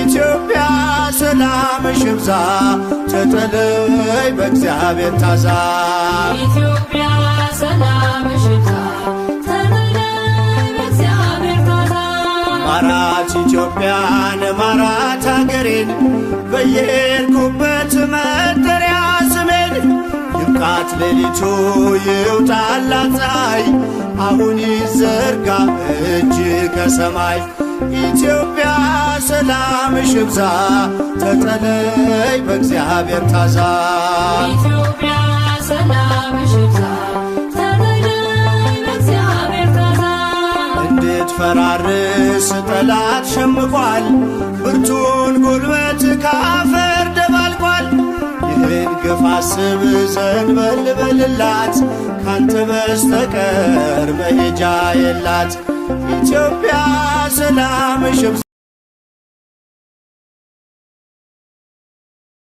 ኢትዮጵያ ሰላም ሽብዛ ተጠለይ በእግዚአብሔር ታዛ ኢትዮጵያ ማራት ኢትዮጵያን ማራት ሀገሬን በየርኩበት መጠሪያ ስሜን ይብቃት ሌሊቱ ይውጣላት ፀሐይ አሁን ይዘርጋ እጅ ከሰማይ ኢትዮጵያ ሰላም ሽብዛ ተጠለይ በእግዚአብሔር ታዛ ኢትዮጵያ ሰላም ሽብዛ እንድትፈራርስ ጠላት ሸምቋል፣ ብርቱን ጉልበት ከአፈር ደባልቋል። ይህን ግፍ አስብ ዘንበል በልላት፣ ካንተ በስተቀር መሄጃ የላት ኢትዮጵያ ሰላም ሽብዛ